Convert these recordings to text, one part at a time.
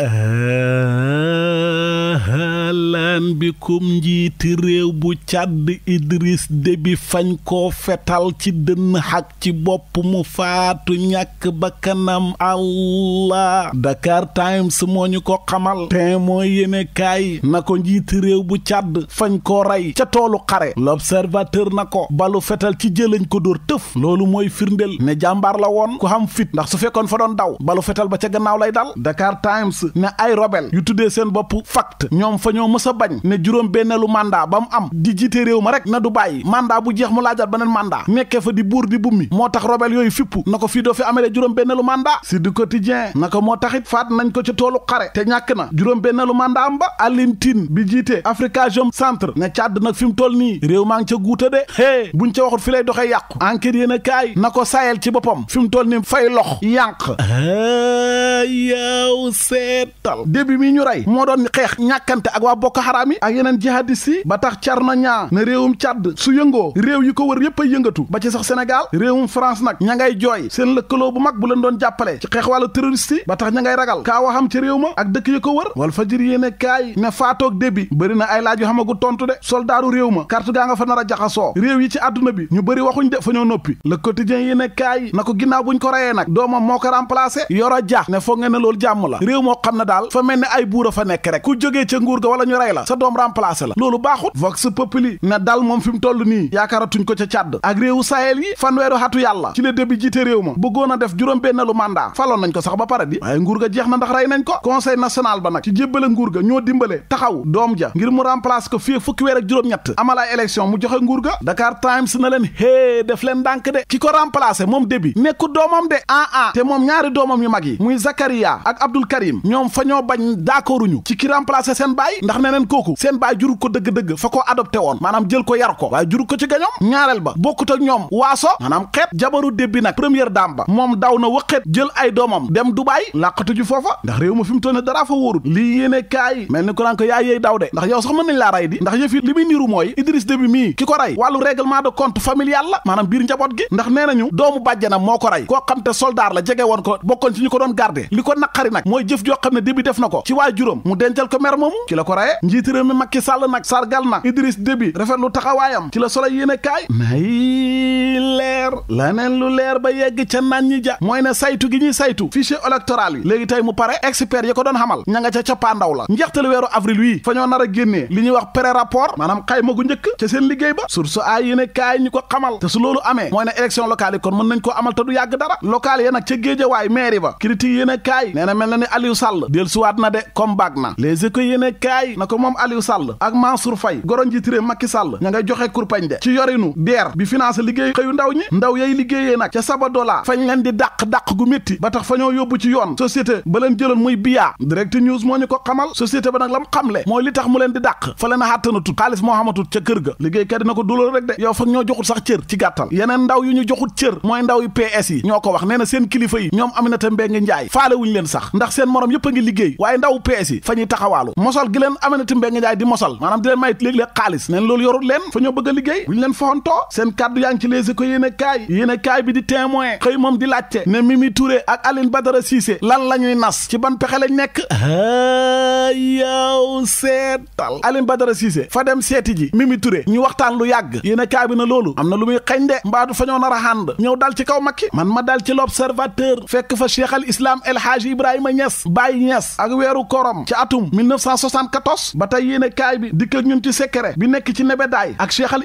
呃。bikum njiiti réew bu càdd Idriss Déby fañ koo fetal ci dënn xak ci bopp mu faatu ñàkk bakkanam Allah Dakar Times moo ñu ko xamal te mooy yéene kaay na ko njiiti réew bu càdd fañ koo rey ca toolu xare l'observateur na ko balu fetal ci jëlañ ko dóor tëf loolu mooy firndeel ne jàmbaar la woon ku xam fit ndax su fekkoon fa doon daw balu fetal ba ca gannaaw lay dal Dakar Times ne ay rebel yu tuddee seen boppu fact ñoom fa ñoo mës a bañ ne juróom benneelu mandat ba mu am di jiite réew ma rek na du bàyyi mandat bu jeex mu laajaat beneen mandat nekkee fa di buur di bummi moo tax rebelle yooyu fippu na ko fii doo fi amele juróom benneelu mandat si du quotidien na ko moo taxit faat nañ ko ca toolu xare te ñàkk na juróom benneelu mandat am ba alintin bi jiite Afrikajom centre ne càdd nag fi mu toll nii réew maa ngi ca guuta de hé buñ ca waxut fi lay doxee yàqu enquête yéen a kaay na ko sayel ci boppam fi mu toll nii fay lox yànq yow début mi ñu rey moo doon xeex ñàkkante ak waa bokk xaraam ak yeneen jihadistes yi ba tax carna ñaa ne réewum Tchad su yëngoo réew yi ko wër yépp ay yëngatu ba ci sax Sénégal réewum France nag ña ngay jooy seen lëkkaloo bu mag bu leen doon jàppale ci xeex wàllu terroriste ba tax ña ngay ragal kaa waxam ci réew ma ak dëkk yi ko wër wal fajir yéene kaay ne faatoog débi bari na ay laaj yu xamagu tontu de soldaaru réew ma carte gaa nga fa nar a jaxasoo réew yi ci àdduna bi ñu bëri waxuñ de fa ñoo noppi le quotidien yéene kaay ko ginnaaw buñ nag doomam moo ko remplacé yor a ja ne foog ngeen ne loolu jàmm la réew moo xam ne daal fa mel ne ay buur a nekk rek ku jógee ca wala ñu rey la ñoom remplacé la loolu baaxut vox populi ne dal moom fi mu toll nii yaakaaratuñ ko ca càdd ak réewu Sahel yi fanweeru xatu yàlla ci la débbi jiite réew ma bëggoon a def juróom-benneelu mandat faloon nañ ko sax ba pare di waaye nguur ga jeex na ndax rey nañ ko conseil national ba nag ci jébbale nguur ga ñoo dimbale taxaw doom ja ngir mu remplace ko fii fukki weer ak juróom-ñett amal ay élection mu joxe nguur ga Dakar Times na leen hee def leen ndànk de ki ko r moom débbi nekku doomam de ah ah doomam yu mag yi muy Zakaria ak Abdul Karim ñoom fa ñoo ci ki remplacé seen baay ndax neneen kooku seen baa juru ko dëgg-dëgg fa ko adopté woon maanaam jël ko yar ko waaye juru ko ci gañoom ñaareel ba bokkut ak ñoom waaso maanaam xeet jabaru débbi nag première dame ba moom daw na wëqet jël ay doomam dem Dubaay làqatu ji foofa ndax réew ma fi mu toll dara fa wóorut lii yéene kaay mel ni ko naan ko yaay yéey daw de ndax yow sax mën nañ laa rey di ndax yëfi li muy niru mooy Idriss Déby mii ki ko rey wàllu règlement de compte familial la maanaam biir njaboot gi ndax nee nañu doomu bàjjanam moo ko rey koo xam te soldaar la ko bokkoon ci ñu ko doon garde li mooy jëf xam ne Déby def na ko ci waajuram mu dencal ko mer moomu ci mi Macky Sall nag sargal na Idriss lu rafetlu taxawaayam ci la Soleil yéene kaay leer laneen lu leer ba yegg ca naan ñi ja mooy ne saytu gi ñuy saytu fichier électoral bi léegi tey mu pare expert yi ko doon xamal ña nga ca cappaandaw la njeextalu weeru avril wii fa ñoo nar a génnee li ñuy wax pré rapport maanaam xayma gu njëkk ca seen liggéey ba su a yéene kaay ñu ko xamal te su loolu amee mooy ne élection locale yi kon mën nañ koo amal te du yàgg dara locale yi nag ca géejawaay mairie ba critique yéene kaay nee na mel na ni Aliou Sall del suwaat na de comme baag na les Sall ña ngay joxe kurpañ de ci yorinu ndaw ñi ndaw yay liggéeyee nag ca Sabodala fañ leen di dàq dàq gu métti ba tax fa ñoo yóbbu ci yoon société ba leen jëloon muy biyaa direct news moo ñu ko xamal société ba nag la mu xamle mooy li tax mu leen di dàq fa leen a xàttana tut xaalis moo xamatut ca kër ga liggéeykat dina ko dulóol rek de yow fa ñoo joxut sax cër ci gàttal yeneen ndaw yu ñu joxut cër mooy ndaw yu PS yi ñoo ko wax nee na seen kilifa yi ñoom Aminata Mbengue Ndiaye faale wuñu ndax seen morom yëpp a ngi liggéey waaye ndaw PS yi fa ñuy taxawaalu mosal gi leen Aminata a liggéey bu ñu leen foxantoo seen yéenekaay yéenekaay bi di témoin xëy moom di laajte ne Mimi Touré ak Aline Badara Cissé lan la ñuy nas ci ban pexe lañ nekk yow seetal Aline Badara Cissé fa dem seeti ji Mimi Touré ñu waxtaan lu yàgg yéenekaay bi na loolu am na lu muy xañ de mbaa du fa ñoo nar a xànd ñëw dal ci kaw Macky man ma dal ci l'observateur fekk fa seexal islaam Islam Ibrahima Niass bàyyi Niass ak weeru korom ci atum 1974 ba tey yéenekaay bi dikk ñun ci secret bi nekk ci nebedaay ak Cheikh al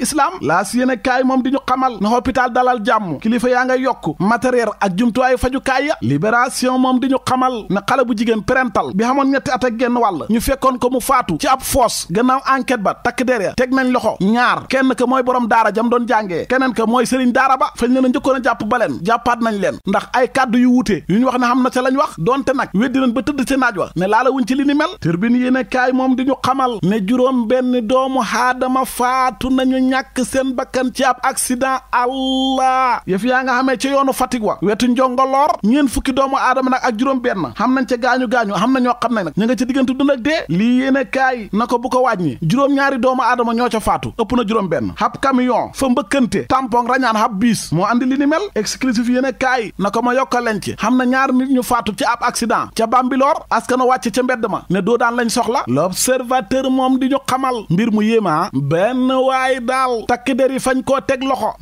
hôpital dalal jàmm kilifa yaa ngay yokk matériel ak jumtuwaayu kaay ya libération moom di ñu xamal ne xale bu jigéen parental bi xamoon ñetti at ak genn wàll ñu fekkoon ko mu faatu ci ab foos gannaaw enquête ba takk der ya teg nañ loxo ñaar kenn ka mooy borom daara jam doon jàngee keneen ka mooy sëriñ daara ba fañ leen a njëkkoon a jàpp ba leen jàppaat nañ leen ndax ay kàddu yu wuute yu ñu wax ne xam na ca lañ wax doonte nag weddi nañ ba tëdd ca naaj wa ne laala wuñ ci li ni mel turbine yéene kaay moom di ñu xamal ne juróom benn doomu aadama faatu nañu ñàkk seen bakkan ci ab accident àll allah yëf yaa nga xamee ca yoonu Fatick wa wetu njongoloor ñeen fukki doomu aadama nag ak juróom benn xam nañ ca gaañu-gaañu xam na ñoo xam ne nag ñu nga ca diggante du ak dee lii yéene kaay na ko bu ko wàññi juróom-ñaari doomu aadama ñoo ca faatu ëpp na juróom benn hab camion fa mbëkkante tampon rañaan hab biis moo andi li ni mel exclusif yéene kaay na ko ma yokka leen ci xam na ñaar nit ñu faatu ci ab accident ca Bambilor askana wàcc ca mbedd ma ne doo daan lañ soxla l'observateur moom di ñu xamal mbir mu yéema ah. benn waay daal takk der yi fañ koo teg loxo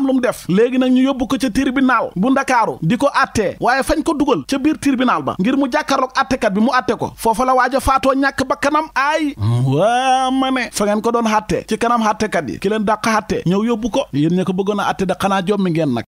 am lu mu def léegi nag ñu yóbbu ko ca tribunal bu ndakaaru di ko attee waaye fañ ko dugal ca biir tribunal ba ngir mu jàkkaarloog attekat bi mu atte ko foofa la waaj a faatoo ñàkk bakkanam aay waa ma ne fa ngeen ko doon xatte ci kanam xattekat yi ki leen dàq ñëw yóbbu ko yéen ña ko bëggoon a atte da xanaa jommi ngeen nag